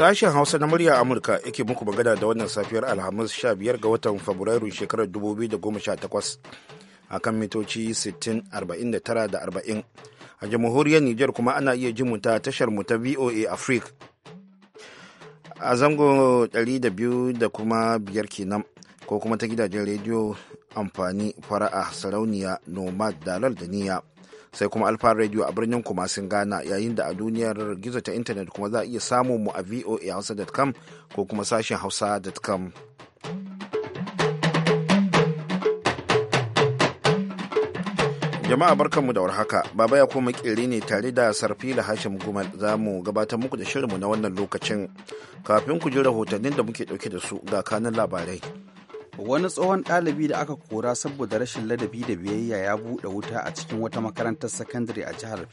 Sashen Hausa na murya Amurka yake muku magana da wannan safiyar Alhamis 15 ga watan Fabrairu shekarar 2018 a kan mitoci 60, da 40. A jamhuriyar Nijar kuma ana iya jin ta tashar mu ta VOA Africa a zango 200 da kuma biyar kenan ko kuma ta gidajen rediyo amfani fara'a sarauniya nomad dalal da niyya sai kuma alfa radio a birnin kumasin ghana yayin da a duniyar gizo ta intanet kuma za a iya samun mu a voahausa.com ko kuma sashen hausa.com jama'a barkanmu da warhaka baba ya kuma kiri ne tare da sarfila hashim gumal za mu gabatar muku da shirinmu na wannan lokacin kafin ku ji rahotannin da muke dauke da su ga kanan labarai wani tsohon ɗalibi da aka kora saboda rashin ladabi da biyayya ya buɗe wuta a cikin wata makarantar sakandare a jihar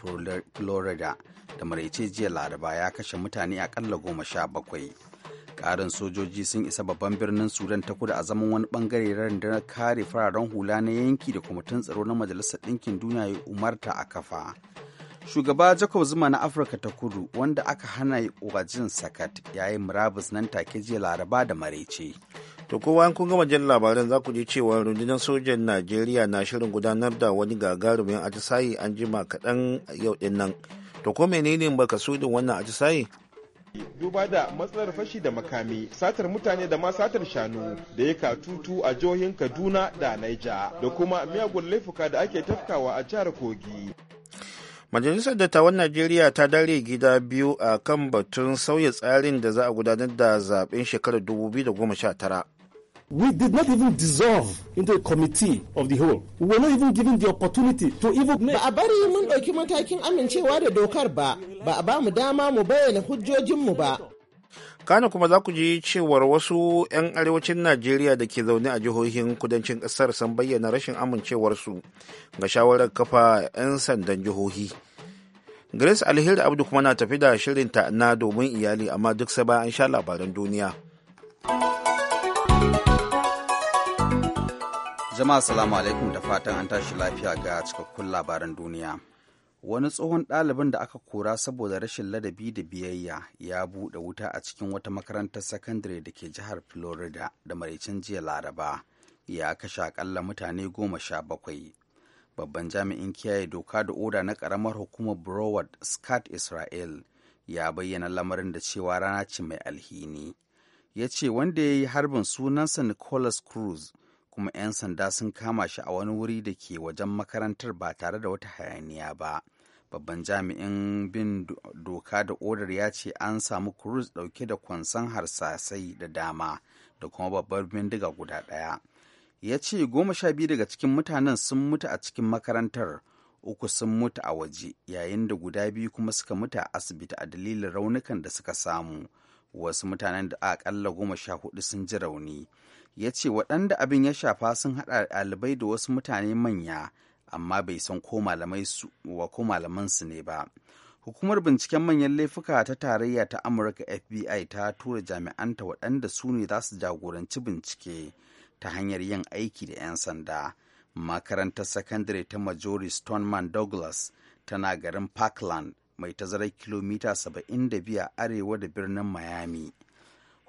florida da maraice jiya laraba ya kashe mutane akalla goma sha bakwai ƙarin sojoji sun isa babban birnin sudan ta kudu a zaman wani bangare na kare fararen hula na yanki da kwamitin tsaro na majalisar ɗinkin duniya ya umarta a kafa shugaba jacob zuma na afirka ta kudu wanda aka hana wajin sakat yayin murabus nan take jiya laraba da maraice To kowa an kun gama jan labaran za ku ji cewa rundunar sojan Najeriya na shirin gudanar da wani gagarumin atisayi an jima kaɗan yau ɗin nan. To ko menene baka sudin wannan atisayi? duba da matsalar fashi da makami satar mutane da ma satar shanu da ya katutu a jihohin kaduna da naija da kuma miyagun laifuka da ake tafkawa a jihar kogi majalisar dattawan najeriya ta dare gida biyu a kan batun sauya tsarin da za a gudanar da zaben shekarar 2019 We did not even dissolve into a committee of the whole. We were not even given the opportunity to even make... Ba a bari mun ɗauki matakin amincewa da dokar ba, ba a ba mu dama mu bayyana hujjojinmu ba. Kano kuma za ku ji cewar wasu 'yan arewacin Najeriya da ke zaune a jihohin kudancin ƙasar sun bayyana rashin amincewarsu ga shawarar kafa 'yan sandan jihohi. Grace Alheri Abdu kuma na tafi da shirinta na domin iyali amma duk sai an sha labaran duniya. Jama'a salamu alaikum da fatan an tashi lafiya ga cikakkun labaran duniya. Wani tsohon ɗalibin da aka kora saboda rashin ladabi da biyayya ya buɗe wuta a cikin wata makarantar sakandare da ke jihar Florida da maraicin jiya Laraba ya kashe akalla mutane goma sha bakwai. Babban jami'in kiyaye doka da oda na ƙaramar hukumar Broward Scott Israel ya bayyana lamarin da cewa rana ce mai alhini. Ya ce wanda ya yi harbin sunansa Nicholas Cruz kuma 'yan sanda sun kama shi a wani wuri da ke wajen makarantar ba tare da wata hayaniya ba babban jami'in bin doka da odar ya ce an samu kurus dauke da kwansan harsasai da dama da kuma babbar bindiga guda ɗaya ya ce goma sha biyu daga cikin mutanen sun mutu a cikin makarantar uku sun mutu a waje yayin da guda biyu kuma suka mutu a asibiti a dalilin raunukan da suka samu wasu mutanen da akalla goma sha hudu sun ji rauni ya ce waɗanda abin ya shafa sun haɗa ɗalibai da wasu mutane manya amma bai san ko malamai su wa ko su ne ba hukumar binciken manyan laifuka ta tarayya ta amurka fbi ta tura jami'anta waɗanda su ne za su jagoranci bincike ta hanyar yin aiki da 'yan sanda makarantar sakandare ta majori stoneman douglas tana garin parkland mai tazarar kilomita 75 arewa da birnin miami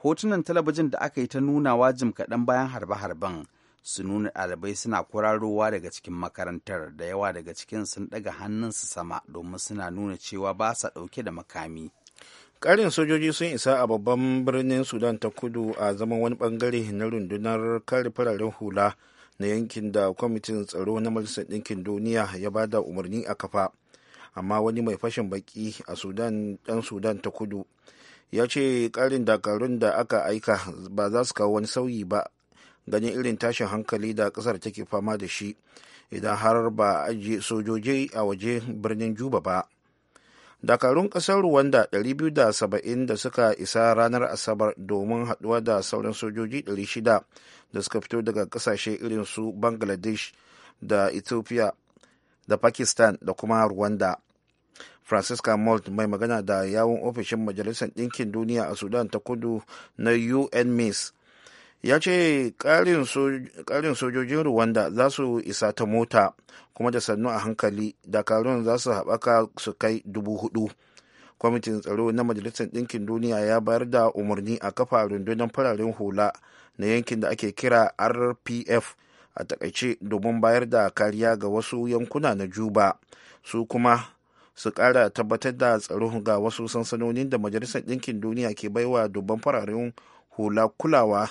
hotunan talabijin da aka yi ta nunawa jim kaɗan bayan harbe-harben su nuna ɗalibai suna kurarowa daga cikin makarantar da yawa daga cikin sun ɗaga hannunsu sama domin suna nuna cewa ba sa ɗauke da makami ƙarin sojoji sun isa a babban birnin sudan ta kudu a zaman wani bangare na rundunar kare fararen hula na yankin da kwamitin tsaro na majalisar ɗinkin duniya ya ba da umarni a kafa amma wani mai fashin baki a sudan ɗan sudan ta kudu ya ce karin dakarun da aka aika ba za su kawo wani sauyi ba ganin irin tashin hankali da kasar take fama da shi idan har ba ajiye sojoji a waje birnin juba ba dakarun kasar rwanda 270 da suka isa ranar asabar domin haduwa da sauran sojoji 600 da suka fito daga kasashe irin su bangladesh da ethiopia da pakistan da kuma rwanda francisca malt mai magana da yawon ofishin majalisar ɗinkin duniya a sudan ta kudu na unmis ya ce ƙarin sojojin rwanda za su isa ta mota kuma da sannu a hankali dakarun za su haɓaka su kai dubu hudu kwamitin tsaro na majalisar ɗinkin duniya ya bayar da umarni a kafa rundunar fararen hula na yankin da ake kira rpf a takaice domin bayar da kariya ga wasu yankuna na juba su kuma su ƙara tabbatar da tsaro ga wasu sansanonin da majalisar ɗinkin duniya ke baiwa dubban fararen hula kulawa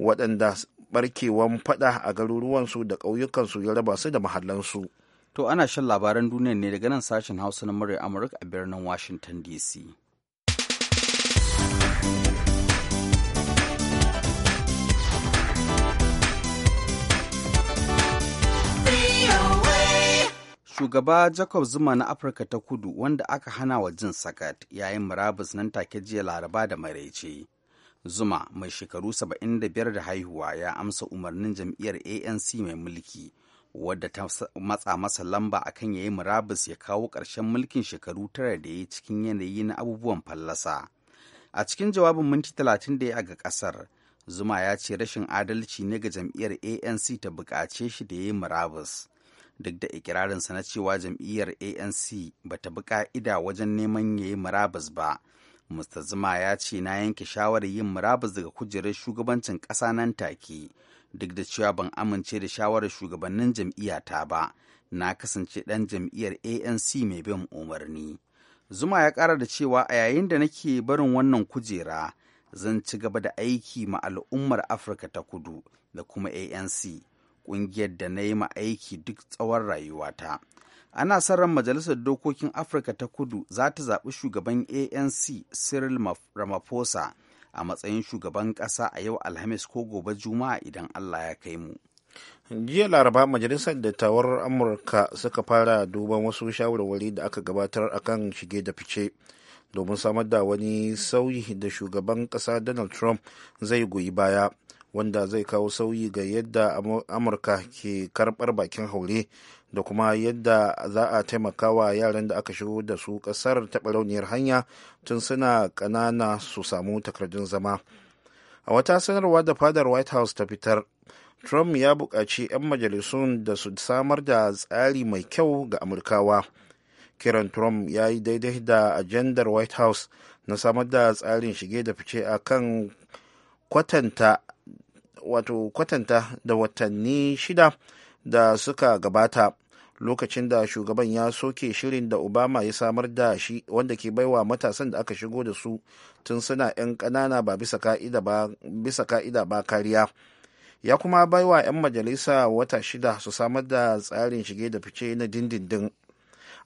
waɗanda barkewan faɗa a garuruwansu da ƙauyukansu ya raba su da mahallansu. To ana shan labaran duniya ne daga nan sashen Hausa na murya Amurka a birnin Washington DC. shugaba jacob zuma na afirka ta kudu wanda aka hana wa jin sakat yayin murabus nan take jiya laraba da maraice zuma mai shekaru 75 da haihuwa ya amsa umarnin jam'iyyar anc mai mulki wadda ta matsa masa lamba akan yayi murabus ya kawo ƙarshen mulkin shekaru tara da ya cikin yanayi na abubuwan fallasa a cikin jawabin minti talatin da ya ga ƙasar zuma ya ce rashin adalci ne ga jam'iyyar anc ta buƙace shi da ya yi murabus duk da ikirarinsa na cewa jam'iyyar anc ba ta bi ka'ida wajen neman ya yi murabus ba mr zuma ya ce na yanke shawarar yin murabus daga kujerar shugabancin ƙasa nan take duk da cewa ban amince da shawarar shugabannin jam'iyyata ba na kasance ɗan jam'iyyar anc mai bin umarni zuma ya ƙara da cewa a yayin da nake barin wannan kujera zan ci gaba da aiki ma al'ummar afirka ta kudu da kuma anc kungiyar da na yi ma aiki duk tsawon rayuwata. Ana san ran Majalisar Dokokin Afirka ta Kudu za ta zaɓi shugaban ANC Cyril Ramaphosa a matsayin shugaban ƙasa a yau Alhamis ko gobe Juma'a idan Allah ya kai mu. jiya laraba majalisar dattawar amurka suka fara duban wasu shawarwari da aka gabatar akan shige da fice domin samar da wani sauyi da shugaban ƙasa donald trump zai goyi baya wanda zai kawo sauyi ga yadda amurka ke karbar bakin haure da kuma yadda za a taimaka wa yaran da aka shigo da su kasar taɓa rauniyar hanya tun suna ƙanana su samu takardun zama a wata sanarwa da fadar white house ta fitar trump ya buƙaci 'yan majalisun da su samar da tsari mai kyau ga amurkawa kiran trump ya yi daidai da ajandar white house na samar da tsarin shige da fice a kan kwatanta wato kwatanta da watanni shida da suka gabata lokacin da shugaban ya soke shirin da obama ya samar da shi wanda ke baiwa matasan da aka shigo da su tun suna 'yan ƙanana ba bisa ka'ida ba kariya ya kuma baiwa 'yan majalisa wata shida su samar da tsarin shige da fice na dindindin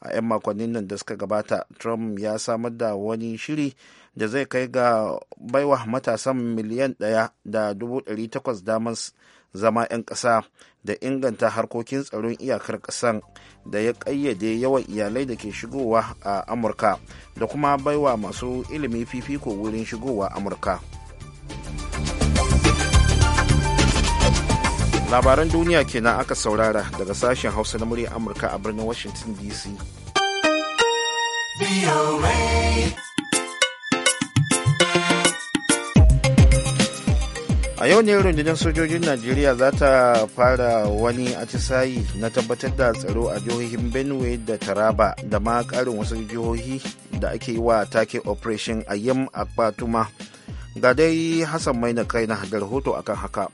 a 'yan makonnin nan da suka gabata trump ya samar da wani shiri da zai kai ga baiwa matasan miliyan ɗaya da dubu ɗari takwas damar zama 'yan ƙasa da inganta harkokin tsaron iyakar ƙasan da ya ƙayyade yawan iyalai da ke shigowa a amurka da kuma baiwa masu ilimi fifiko wurin shigowa amurka labaran duniya kenan aka saurara daga sashen hausa na murya amurka a birnin washington dc a yau ne rundunar sojojin najeriya za ta fara wani atisayi na tabbatar da tsaro a jihohin benue da taraba da ma karin wasu jihohi da ake yi wa take operation ayyam akpatuma ga dai hassan mai na kai na da rahoto akan haka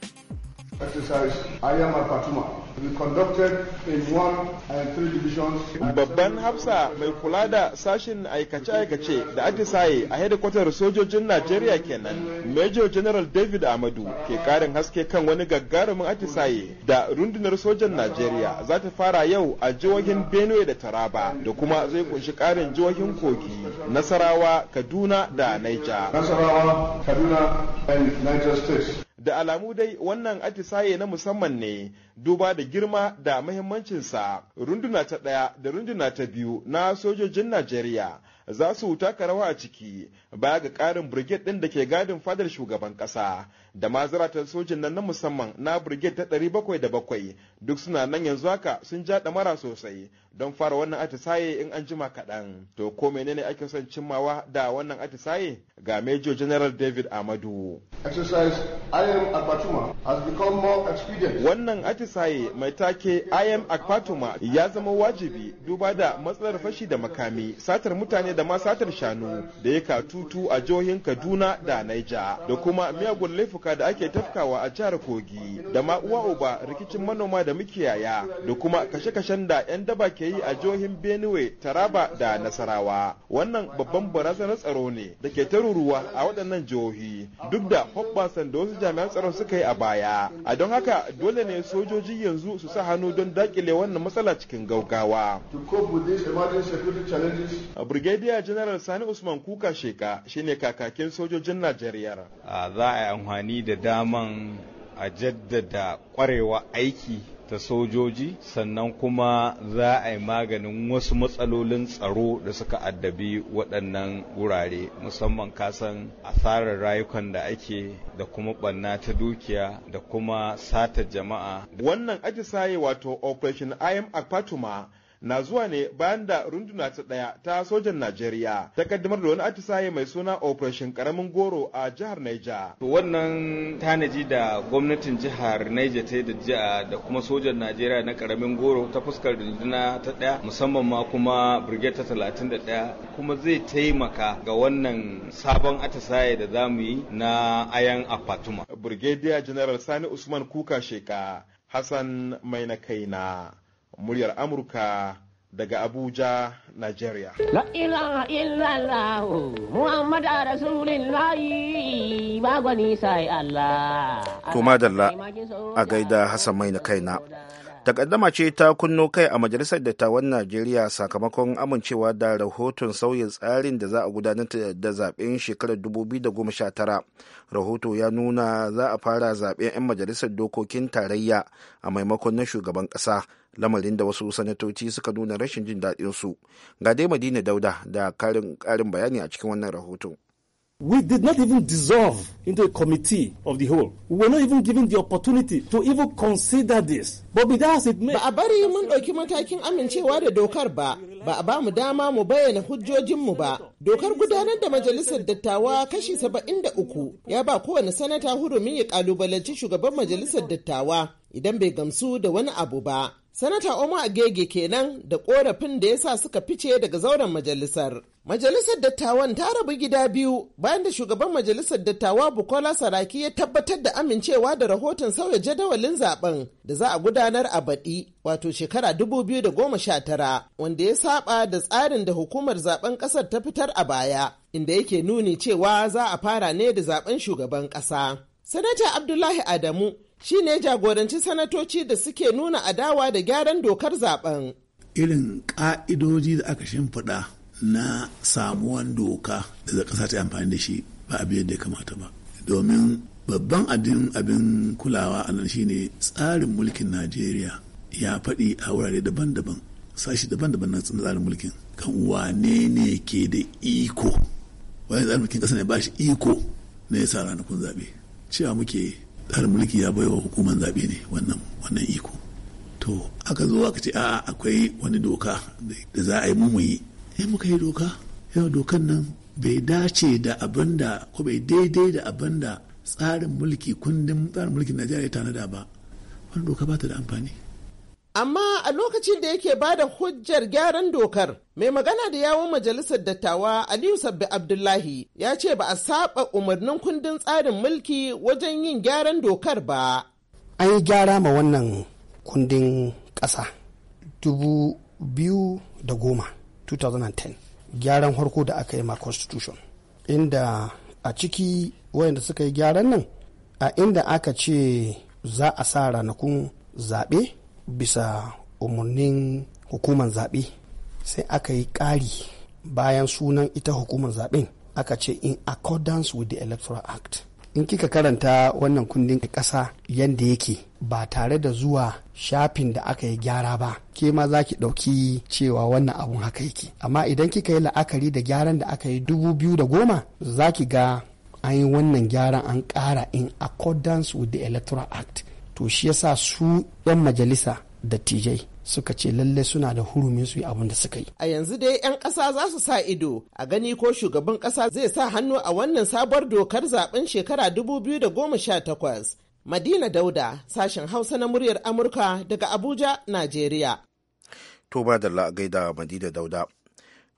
Babban Hafsa mai kula da sashen aikace-aikace da atisaye a hedikwatar sojojin Najeriya kenan. Major General David Amadu ke karin haske kan wani gagarumin atisaye da rundunar sojan Najeriya za ta fara yau a jihohin Benue da Taraba da kuma zai kunshi karin jihohin Kogi, Nasarawa, Kaduna da Niger. Nasarawa, Kaduna and Niger States. da alamu dai wannan atisaye na musamman ne duba da girma da mahimmancinsa runduna ta ɗaya da runduna ta biyu na sojojin najeriya za su taka rawa a ciki baya ga ƙarin birgit ɗin da ke gadin fadar shugaban ƙasa da ma sojin nan na musamman na birgit ta ɗari bakwai da bakwai duk suna nan yanzu haka sun ja ɗamara sosai don fara wannan atisaye in an jima kaɗan to ko menene ake son cimmawa da wannan atisaye ga major general david amadu wannan atisaye mai take i am akpatuma ya zama wajibi duba da matsalar fashi da makami satar mutane da ma satar shanu da ya ka tutu a jihohin Kaduna da Naija da kuma miyagun laifuka da ake tafkawa a jihar Kogi da ma uwa uba rikicin manoma da mukiyaya da kuma kashe-kashen da 'yan daba ke yi a jihohin Benue, Taraba da Nasarawa. Wannan babban barazanar tsaro ne da ke taruruwa a waɗannan jihohi duk da hoɓɓasan da wasu jami'an tsaro suka yi a baya. A don haka dole ne sojoji yanzu su sa hannu don dakile wannan matsala cikin gaugawa. Brigadier Brigadier General Sani Usman Kuka Sheka shine kakakin sojojin Najeriya. Za a yi amfani da daman a jaddada kwarewa aiki ta sojoji sannan kuma za a yi maganin wasu matsalolin tsaro da suka addabi waɗannan wurare musamman kasan asarar rayukan da ake da kuma ɓanna ta dukiya da kuma sata jama'a. Wannan aji atisaye wato Operation IM Akpatuma na zuwa ne bayan da runduna ta ɗaya ta sojan Najeriya ta kaddamar da wani atisaye mai suna Operation Karamin Goro a jihar Niger. To wannan tanaji da gwamnatin jihar Niger ta da jiya da kuma sojan Najeriya na Karamin Goro ta fuskar runduna ta ɗaya musamman ma kuma Brigade ta 31 kuma zai taimaka ga wannan sabon atisaye da za mu yi na ayan apatuma. Brigadier General Sani Usman Kuka Sheka Hassan Mai na kaina. muryar Amurka daga Abuja, Nigeria. La ilaha illallah Muhammad Rasulullah ba gwani sai Allah. To madalla a gaida Hassan Mai na kaina. takaddama ce ta kunno kai a majalisar dattawan najeriya sakamakon amincewa da rahoton sauyin tsarin da za a gudanar da zaben shekarar 2019 rahoto ya nuna za a fara zaben 'yan majalisar dokokin tarayya a maimakon na shugaban ƙasa lamarin da wasu sanatoci suka nuna rashin jin daɗinsu ga dai madina dauda da karin bayani a cikin wannan rahoton We did not even dissolve into a committee of the whole. We were not even given the opportunity to even consider this. But with us it may... Ba a bari mun ɗauki matakin amincewa da dokar ba, ba a ba mu dama mu bayyana hujjojinmu ba. Dokar gudanar da majalisar dattawa kashi saba'in da uku ya ba kowane sanata hurumin ya ƙalubalanci shugaban majalisar dattawa idan bai gamsu da wani abu ba. Sanata Omar Agege kenan da korafin da ya sa suka fice daga zauren majalisar. Majalisar dattawan ta rabu gida biyu bayan da shugaban majalisar dattawa Bukola Saraki ya tabbatar da amincewa da rahoton sauya jadawalin zaben da za a gudanar a baɗi wato shekara 2019 wanda ya saba da tsarin da hukumar zaben ƙasar ta fitar a baya inda yake nuni cewa za a fara ne da zaben shugaban ƙasa. Sanata Abdullahi Adamu shi ne jagoranci sanatoci da suke nuna adawa da gyaran dokar zaben. Irin ƙa'idoji da aka shimfiɗa na samuwan doka da ƙasa ta amfani da shi ba abin yadda ya kamata ba. Domin babban abin abin kulawa a nan shine tsarin mulkin Najeriya ya faɗi a wurare daban-daban sashi daban-daban na tsarin mulkin kan wane ne ke da iko wani tsarin mulkin ƙasa ne ba shi iko na ya sa ranakun zaɓe cewa muke tsarin mulki ya baiwa hukumar zaɓe ne wannan wannan iko to aka zo aka ce a akwai wani doka da za a yi mu yi eh muka yi doka yau dokan nan bai dace da abin da ko bai daidai da abin da tsarin mulki kundin tsarin mulkin najeriya ya tanada ba wani doka ba ta da amfani Amma a lokacin da yake ba da hujjar gyaran dokar, mai magana da yawon majalisar dattawa Aliyu Sabbi Abdullahi ya ce ba a saba umarnin kundin tsarin mulki wajen yin gyaran dokar ba. An yi gyara ma wannan kundin ƙasa 2010 gyaran harko da aka yi ma constitution inda a ciki wayanda suka yi gyaran nan a inda aka ce za a sa ranakun zaɓe bisa umarnin hukumar zaɓe sai aka yi ƙari bayan sunan ita hukumar zaɓen aka ce in accordance with the electoral act in kika karanta wannan kundin ƙasa yadda yake ba tare da zuwa shafin da aka yi gyara ba ke ma za ki ɗauki cewa wannan abun haka yake amma idan kika yi la'akari da gyaran da aka yi dubu biyu da goma za ki ga an yi wannan gyaran an ƙara in accordance with the electoral act to shi yasa su 'yan majalisa dattijai suka ce lalle suna da hurumin su yi abin da suka yi. A yanzu dai 'yan ƙasa za su sa ido a gani ko shugaban ƙasa zai sa hannu a wannan sabuwar dokar zaben shekara 2018. Madina Dauda, sashen Hausa na muryar Amurka daga Abuja, Najeriya. To ba da la'agai da Madina Dauda.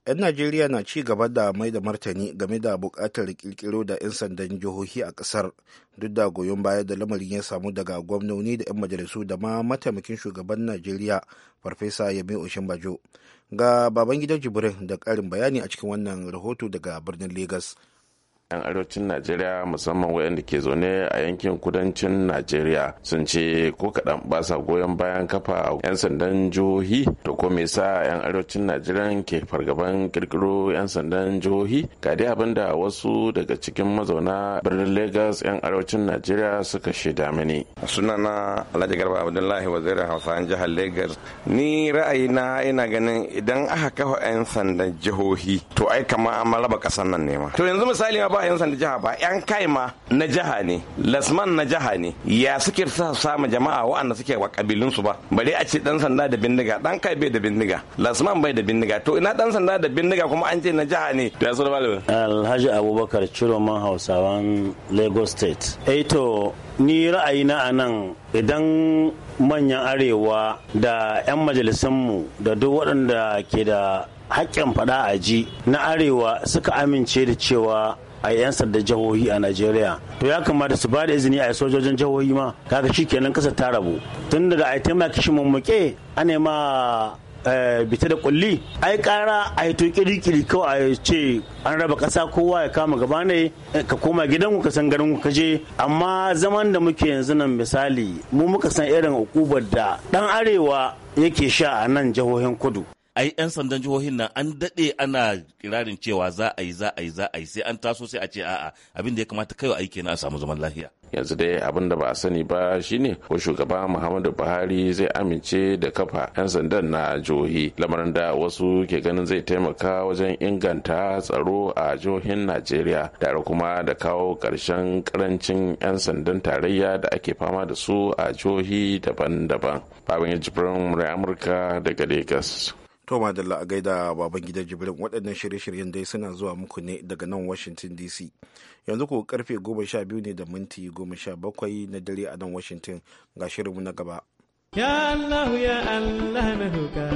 'yan najeriya na ci gaba da mai da martani game da bukatar kirkiro da 'yan sandan jihohi a kasar duk da goyon baya da lamarin ya samu daga gwamnoni da 'yan majalisu da ma mataimakin shugaban najeriya farfesa yami oshinbajo ga baban gidan jibrin da karin bayani a cikin wannan rahoto daga birnin lagos 'yan arewacin najeriya musamman wayanda ke zaune a yankin kudancin najeriya sun ce ko kaɗan ba sa goyon bayan kafa 'yan sandan jihohi to ko me yasa 'yan arewacin najeriya ke fargaban kirkiro 'yan sandan jihohi ga dai abin da wasu daga cikin mazauna birnin lagos 'yan arewacin najeriya suka shaida mini sunana alhaji garba abdullahi wazirin hausa jihar lagos ni ra'ayina ina ganin idan aka kafa 'yan sandan jihohi to ai kama an raba kasan nan ne ma to yanzu misali ma ba yan sanda jiha ba yan kaima na jiha ne lasman na jiha ne ya suke sa sama jama'a wa'anda suke wa kabilun su ba bare a ce dan sanda da bindiga dan kai bai da bindiga lasman bai da bindiga to ina dan sanda da bindiga kuma an ce na jiha ne da su alhaji abubakar ciro man hausawan lagos state eh to ni ra'ayina a nan idan manyan arewa da 'yan majalisanmu da duk waɗanda ke da haƙƙin faɗa a ji na arewa suka amince da cewa a 'yan sanda jihohi a najeriya to ya kamata su ba da izini a sojojin jihohi ma kaga shi kenan kasa ta rabu tun daga a taimaka shi mummuke ana ma eh, bita da kulli ai kara a yi to kirikiri kawai a ce an raba kasa kowa ya kama gaba ne eh, ka koma gidan ka san garin ka je amma zaman da muke yanzu nan misali mu muka san irin hukubar da dan arewa yake sha a nan jihohin kudu ai yan sandan jihohin nan an daɗe ana kirarin cewa za a yi za a yi za a yi sai an taso sai a ce a'a abin da ya kamata kai aiki na a samu zaman lafiya yanzu dai abin da ba a sani ba shine ko shugaba muhammadu buhari zai amince da kafa 'yan sandan na jihohi lamarin da wasu ke ganin zai taimaka wajen inganta tsaro a jihohin najeriya tare kuma da kawo karshen karancin 'yan sandan tarayya da ake fama da su a jihohi daban-daban babin jibrin murai amurka daga lagos toma Madalla a gaida baban gidan Jibrin waɗannan shirye-shiryen dai suna zuwa muku ne daga nan Washington DC. Yanzu ko karfe goma sha biyu ne da minti goma sha bakwai na dare a nan Washington ga shirinmu na gaba. Ya Allah ya Allah na roƙa.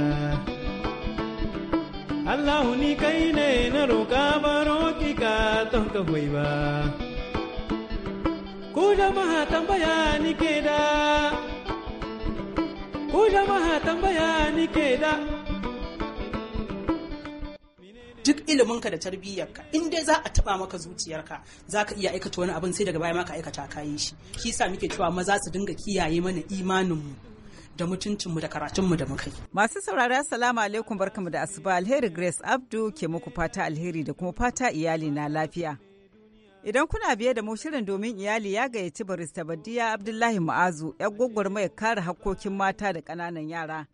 Allah ni kai ne na roƙa baro ki ka ton ka hoyi ba. Ku jama'a tambaya ni ke da. Ku jama'a tambaya ni ke da. duk ka da tarbiyyarka in dai za a taba maka zuciyarka za ka iya aikata wani abin sai daga baya maka aikata ka yi shi shi sa muke cewa maza su dinga kiyaye mana imaninmu da mutuncinmu da karatunmu da muka yi. Masu saurari assalamu alaikum barkamu da asuba alheri Grace Abdu ke muku fata alheri da kuma fata iyali na lafiya. Idan kuna biye da mu shirin domin iyali ya gayyaci barista Badiya Abdullahi Ma'azu 'yan mai kare hakkokin mata da ƙananan yara.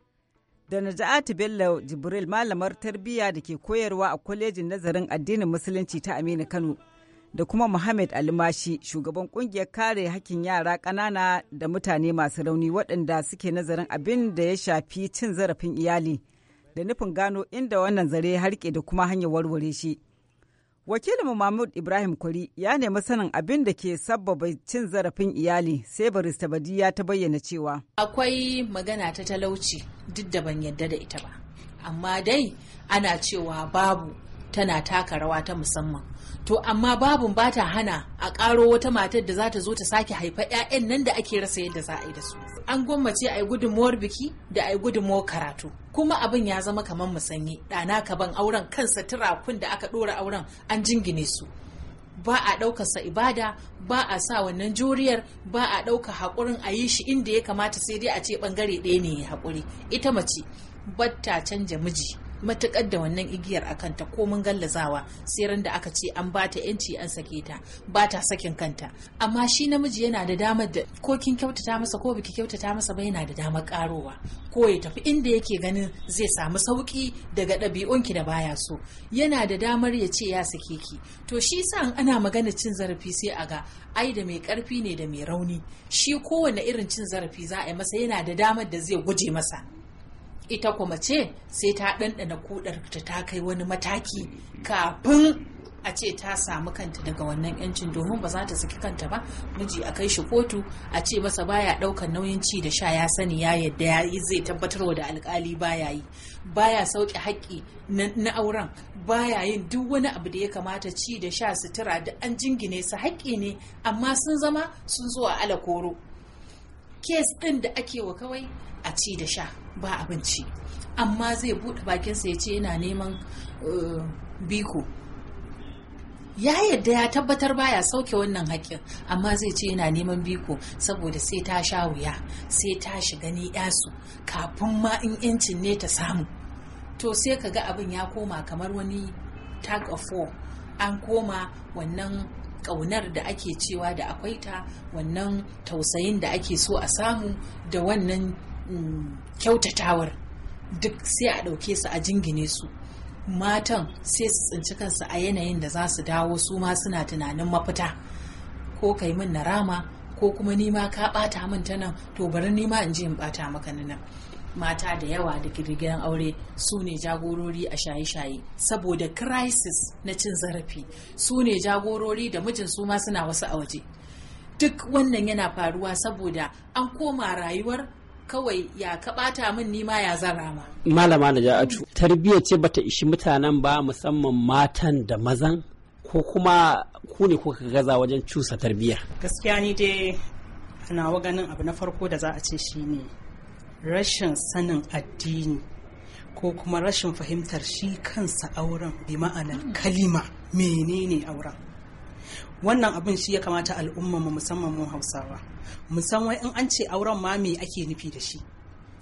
da Naja'atu Bello Jibril malamar tarbiyya da ke koyarwa a kwalejin nazarin addinin musulunci ta Aminu Kano da kuma Muhammad Alimashi shugaban kungiyar kare hakkin yara ƙanana da mutane masu rauni waɗanda suke nazarin abin da ya shafi cin zarafin iyali da nufin gano inda wannan zare ya harke da kuma hanyar warware shi. wakilin Mahmud Ibrahim Kuri ya nemi sanin abin da ke sabbaba cin zarafin iyali sai barista Badiya ta bayyana cewa. Akwai magana ta talauci. duk da ban yadda da ita ba amma dai ana cewa babu tana taka rawa ta musamman to amma babun ba ta hana a karo wata matar da za ta zo ta sake haifa 'ya'yan nan da ake rasa yadda za a yi da su an gwammace a yi gudunmuwar biki da a yi gudunmuwar karatu kuma abin ya zama kamar musanyi ɗana ka ban auren kansa turakun da aka ɗora auren an jingine su ba a sa ibada ba a sa wannan juriyar ba a ɗauka haƙurin a yi shi inda ya kamata sai dai a ce ɓangare ɗaya ne ya haƙuri ita mace batta canja miji matukar da wannan igiyar akan ta ko mun gallazawa sai ran da aka ce an bata yanci an sake ta ba ta sakin kanta amma shi namiji yana da damar da ko kin kyautata masa ko biki kyautata masa ba yana da damar karowa ko ya tafi inda yake ganin zai samu sauki daga ɗabi'unki da baya so yana da damar ya ce ya sake ki to shi sa ana magana cin zarafi sai a ga ai da mai karfi ne da mai rauni shi kowane irin cin zarafi za a yi masa yana da damar da zai guje masa ita kuma ce sai ta ɗanɗana kudar ta ta kai wani mataki kafin a ce ta samu kanta daga wannan yancin domin ba za ta saki kanta ba miji a kai shi kotu a ce masa baya ɗaukar nauyin ci da sha ya sani ya yadda ya yi zai wa da alkali baya yi baya sauke haƙƙi na auren baya yin duk wani abu da ya kamata ci da sha sutura da an jingine su haƙƙi ne amma sun zama sun zo a alakoro kes ɗin da ake wa kawai a ci da sha ba abinci amma zai buɗe bakinsa ya ce yana neman eh, biko ya yadda ya tabbatar baya sauke wannan haƙƙin amma zai ce yana neman biko saboda sai ta sha wuya sai ta shiga ni yasu kafin ma in yancin ne ta samu to sai ka ga abin ya koma kamar wani tag of war an koma wannan Kaunar da ake cewa da akwai ta wannan tausayin da ake so a samu da wannan mm, kyautatawar duk sai a ɗauke su a jingine su matan sai su tsinci kansu a yanayin da za su dawo su ma suna tunanin mafita ko kai min na rama ko kuma nima ka ɓata min ta nan to bari nima in je in ɓata maka nan mata da yawa da girgiren aure su ne jagorori a shaye-shaye saboda crisis na cin zarafi su ne jagorori da mijin su ma suna wasu a waje duk wannan yana faruwa saboda an koma rayuwar kawai ya kaɓata min nima ya zara ma. Malama da ja'atu tarbiyyar ce bata ishi mutanen ba musamman matan da mazan ko kuma ku ne kuka gaza wajen cusa tarbiyya. Gaskiya ni dai nawa ganin abu na farko da za a ce shine rashin sanin addini ko kuma rashin fahimtar shi kansa auren bi ma'anar hmm. kalima menene auren wannan abin shi ya kamata al'umma mu musamman mu hausawa musamman in an ce auren ma me ake nufi da shi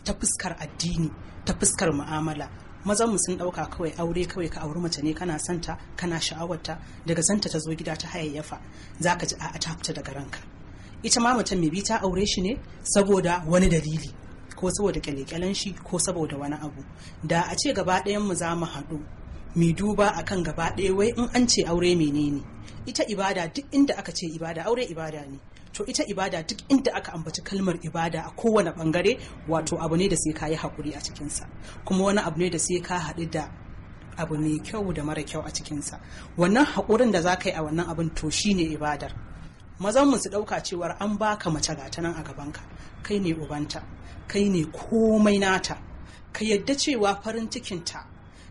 ta fuskar addini ta fuskar mu'amala mazan mu sun dauka kawai aure kawai ka auri mace ne kana santa kana sha'awarta daga santa ta zo gida ta hayayyafa zaka ji a'a ta fita daga ranka ita ma mace mai bi ta aure shi ne saboda wani dalili ko saboda kyalekyalen shi ko saboda wani abu da a ce gaba mu za mu haɗu mai duba akan gaba ɗaya wai in an ce aure menene ita ibada duk inda aka ce ibada aure ibada ne to ita ibada duk inda aka ambaci kalmar ibada a kowane bangare wato abu ne da sai ka yi hakuri a cikinsa kuma wani abu ne da sai ka haɗu da abu mai kyau da mara kyau a cikinsa wannan haƙurin da za ka yi a wannan abin to shine ibadar mazan mu su ɗauka cewar an baka mace gata nan a gabanka kai ne ubanta kai ne komai nata ka yadda cewa farin cikinta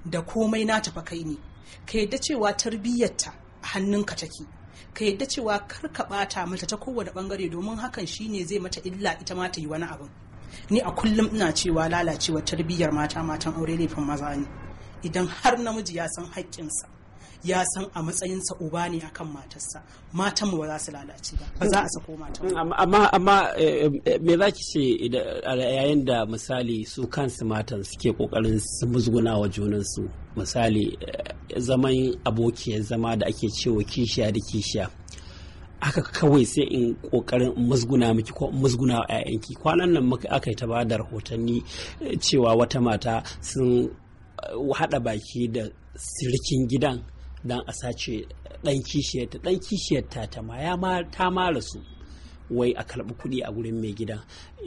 da komai nata fa kai ne ka yadda cewa tarbiyyarta a hannunka take ka yadda cewa kar ka bata mata ta kowane bangare domin hakan shine zai mata illa ita ma ta yi wani abu. ni a kullum ina cewa lalacewa tarbiyyar mata matan aure ne laifin maza ne idan har namiji ya san haƙƙinsa ya san a matsayinsa uba ne akan matarsa matan mu ba za su lalace ba ba za a sako matan mm, amma amma eh, eh, me za ki ce yayin da misali su kansu matan suke kokarin su musguna wa junansu misali eh, zaman abokiyar zama da ake cewa kishiya da kishiya haka kawai sai in kokarin musguna miki ko musguna wa 'ya'yanki kwanan nan muka aka yi ta ba da rahotanni cewa wata mata sun haɗa baki da sirikin gidan dan a sace dan kishiyarta dan kishiyarta ta ma ya ta ma rasu wai a karɓi kuɗi a gurin mai gida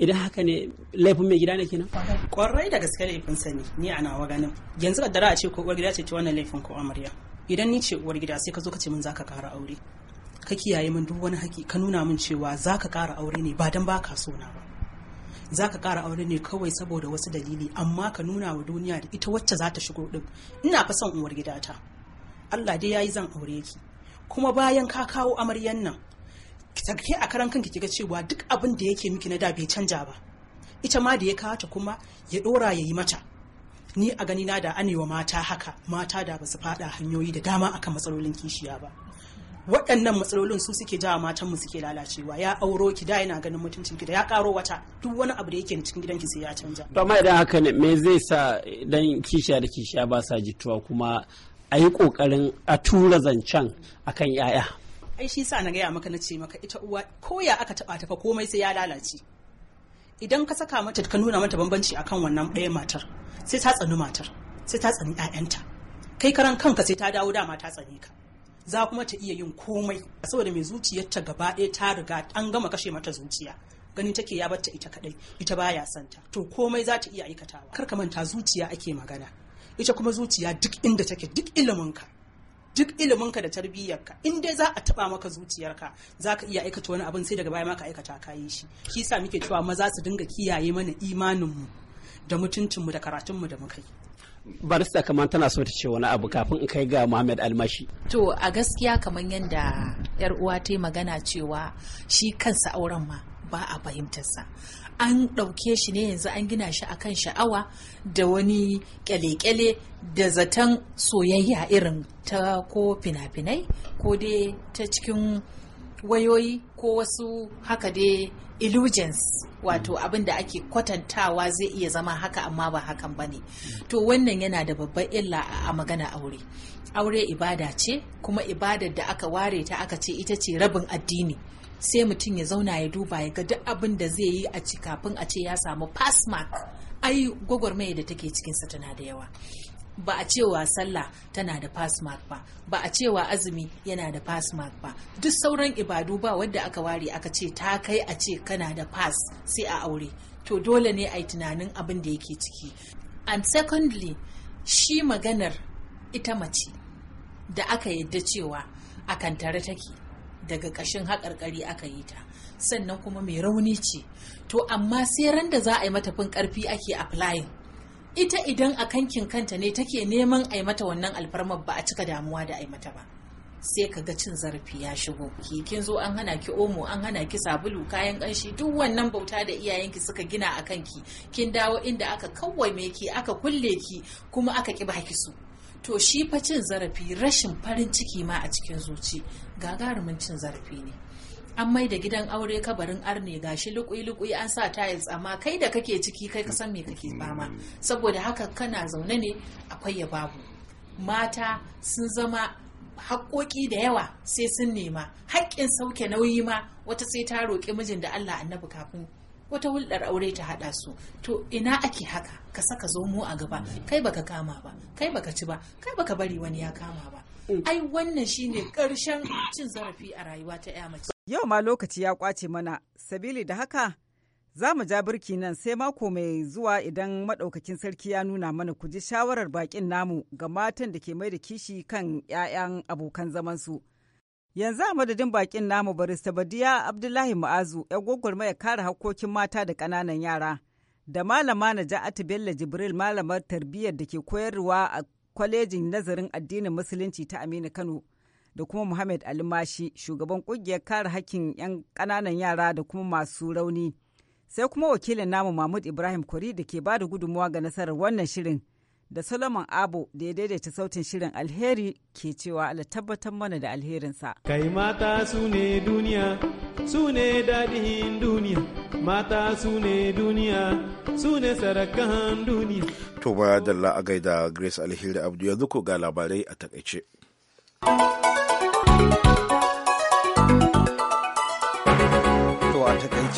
idan haka ne laifin mai gida ne kenan kwarai da gaske laifin sani ni ana wa ganin yanzu kaddara a ce ko uwar gida ce ta wannan laifin ko amarya idan ni ce uwar gida sai ka zo ka ce min zaka kara aure ka kiyaye min duk wani haƙi ka nuna min cewa zaka kara aure ne ba dan baka so na ba zaka kara aure ne kawai saboda wasu dalili amma ka nuna wa duniya da ita wacce za ta shigo din ina fa son uwar ta. Allah dai yayi zan aure ki kuma bayan ka kawo amaryan nan ke a karan kanki kiga cewa duk abin da yake miki na da bai canja ba ita ma da ya kawo ta kuma ya dora ya yi mata ni a gani na da anewa mata haka mata da basu su fada hanyoyi da dama akan matsalolin kishiya ba waɗannan matsalolin su suke jawa matan mu suke lalacewa ya auro ki da yana ganin mutuncin ki da ya karo wata duk wani abu da yake cikin gidanki sai ya canja to amma idan haka ne me zai sa dan kishiya da kishiya ba sa jituwa kuma a yi kokarin a tura zancen a kan 'ya'ya. ai shi sa na gaya maka na ce maka ita uwa ko ya aka taba ta komai sai ya lalace idan ka saka mata ka nuna mata bambanci akan wannan ɗaya matar sai ta tsani matar sai ta tsani 'ya'yanta kai karan kanka sai ta dawo dama ta tsani ka za kuma ta iya yin komai saboda mai zuciyarta gaba ɗaya ta riga an gama kashe mata zuciya ganin take ya batta ita kaɗai, ita baya santa to komai za ta iya aikatawa kar ka manta zuciya ake magana ita kuma zuciya duk inda take duk iliminka duk iliminka da tarbiyyarka in dai za a taba maka zuciyarka za ka iya aikata wani abin sai daga baya maka aikata ka yi shi shi sa muke cewa maza su dinga kiyaye mana imaninmu da mutuncinmu da karatunmu da muka yi barista kamar tana so ta ce wani abu kafin in kai ga Muhammad Almashi. To a gaskiya kamar yadda yar uwa ta yi magana cewa shi kansa auren ma ba a fahimtarsa. an ɗauke shi ne yanzu an gina shi akan sha'awa da wani kyale-kyale da zaton soyayya irin ta ko fina-finai ko dai ta cikin wayoyi ko wasu haka dai illusions wato abin da ake kwatantawa zai iya zama haka amma ba hakan ba ne to wannan yana da babban illa a magana aure aure ibada ce kuma ibadar da aka ware ta aka ce ita ce rabin addini sai mutum ya zauna ya duba ya ga duk abin da zai yi a ci kafin a ce ya samu pass mark ai gwagwarmaya da take cikinsa tana da yawa ba a cewa sallah tana da pass mark ba ba a cewa azumi yana da pass mark ba duk sauran ibadu ba wadda aka ware aka ce ta kai a ce kana da pass sai a aure to dole ne a yi tunanin abin da yake ciki and secondly shi maganar ita mace da aka yadda cewa a kantare take daga ƙashin haƙarƙari aka yi ta sannan kuma mai rauni ce to amma sai ran da za a yi mata fin ƙarfi ake applying ita idan a kankin kanta ne take neman a yi mata wannan alfarmar ba a cika damuwa da a yi mata ba sai ka ga cin zarafi ya shigo kikin zo an hana ki omo an hana ki sabulu kayan ƙanshi duk wannan bauta da iyayenki suka gina a kanki kin dawo inda aka kawwameki ki aka kulle ki kuma aka ƙi ki su to shi fa cin zarafi rashin farin ciki ma a cikin zuci gagarumin cin zarafi ne an mai da gidan aure kabarin arne ga shi lukui-lukui an sa tiles amma kai da kake ciki kai ka san me kake fama saboda haka kana zaune ne akwai ya babu mata sun zama haƙoƙi da yawa sai sun nema haƙƙin sauke nauyi ma wata sai ta roƙi mijin da Allah annabi kafin wata hulɗar aure ta haɗa su to ina ake haka ka saka mu a gaba kai baka kama ba kai baka ci ba kai baka bari wani ya kama ba mm. ai wannan shine ƙarshen cin zarafi a rayuwa ta ya mace yau ma lokaci ya kwace mana sabili da haka za mu ja birki nan sai mako mai zuwa idan maɗaukakin sarki ya nuna mana ku ji shawarar baƙin namu ga matan da ke mai da kishi kan 'ya'yan abokan zamansu. su Yanzu a madadin bakin namu barista Badiya Abdullahi Ma'azu, ‘yan gwagwarmaya kare hakkokin mata da ƙananan yara, da malama Naja'atu Bello Jibril malamar tarbiyyar da ke koyarwa a kwalejin nazarin addinin musulunci ta Aminu Kano, da kuma Muhammad Ali Mashi, shugaban ƙungiyar kare hakkin 'yan ƙananan yara da kuma masu rauni. Sai kuma wakilin namu Mahmud Ibrahim Kwari da ke bada da gudunmawa ga nasarar wannan shirin. da Solomon abu da ya daidaita sautin shirin alheri ke cewa ala tabbatar mana da alherinsa. Kai mata su ne duniya, su ne daɗin duniya, mata su ne duniya, su ne sarakan duniya. To ba da la'agai da Grace Alheri Abdu ya ko ga labarai a takaice.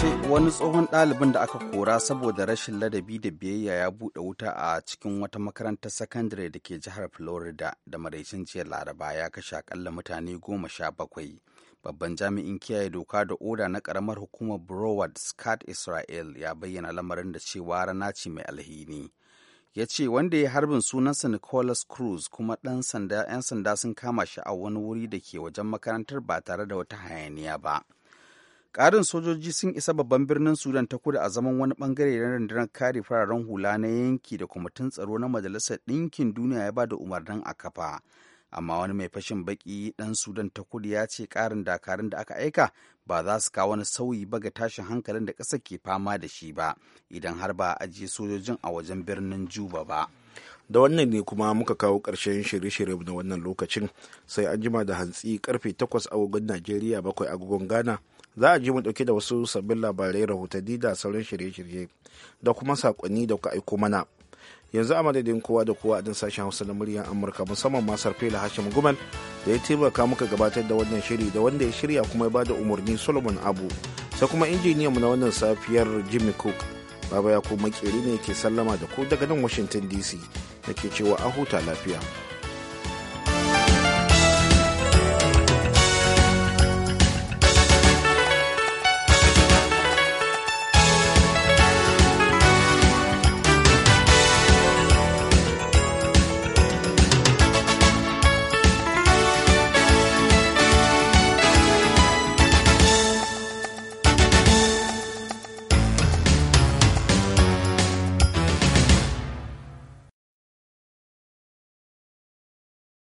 ce wani tsohon ɗalibin da aka kora saboda rashin ladabi da biyayya ya buɗe wuta a cikin wata makarantar sakandare da ke jihar florida da maraicin jiya laraba ya kashe akalla mutane goma sha bakwai babban jami'in kiyaye doka da oda na karamar hukumar broward scott israel ya bayyana lamarin da cewa rana ce mai alhini ya ce wanda ya harbin sunansa nicholas cruz kuma ɗan sanda 'yan sanda sun kama shi a wani wuri da ke wajen makarantar ba tare da wata hayaniya ba ƙarin sojoji sun isa babban birnin sudan ta kudu a zaman wani bangare na rundunar kare fararen hula na yanki da kwamitin tsaro na majalisar ɗinkin duniya ya ba da umarnin a kafa amma wani mai fashin baki ɗan sudan ta kudu ya ce ƙarin dakarun da aka aika ba za su kawo wani sauyi ba ga tashin hankalin da ƙasa ke fama da shi ba idan har ba a ajiye sojojin a wajen birnin juba ba. da wannan ne kuma muka kawo ƙarshen shirye-shirye na wannan lokacin sai an jima da hantsi karfe 8 agogon najeriya bakwai agogon ghana za a ji mu dauke da wasu sabbin labarai rahotanni da sauran shirye-shirye da kuma sakonni da kuka aiko mana yanzu a madadin kowa da kowa a din sashen hausa na muryar amurka musamman ma sarfela hashim gumal da ya taimaka muka gabatar da wannan shiri da wanda ya shirya kuma ya bada umarni solomon abu sai kuma injiniyan mu na wannan safiyar jimmy cook baba ya ko makeri ne ke sallama da ku daga nan washington dc ke cewa a huta lafiya.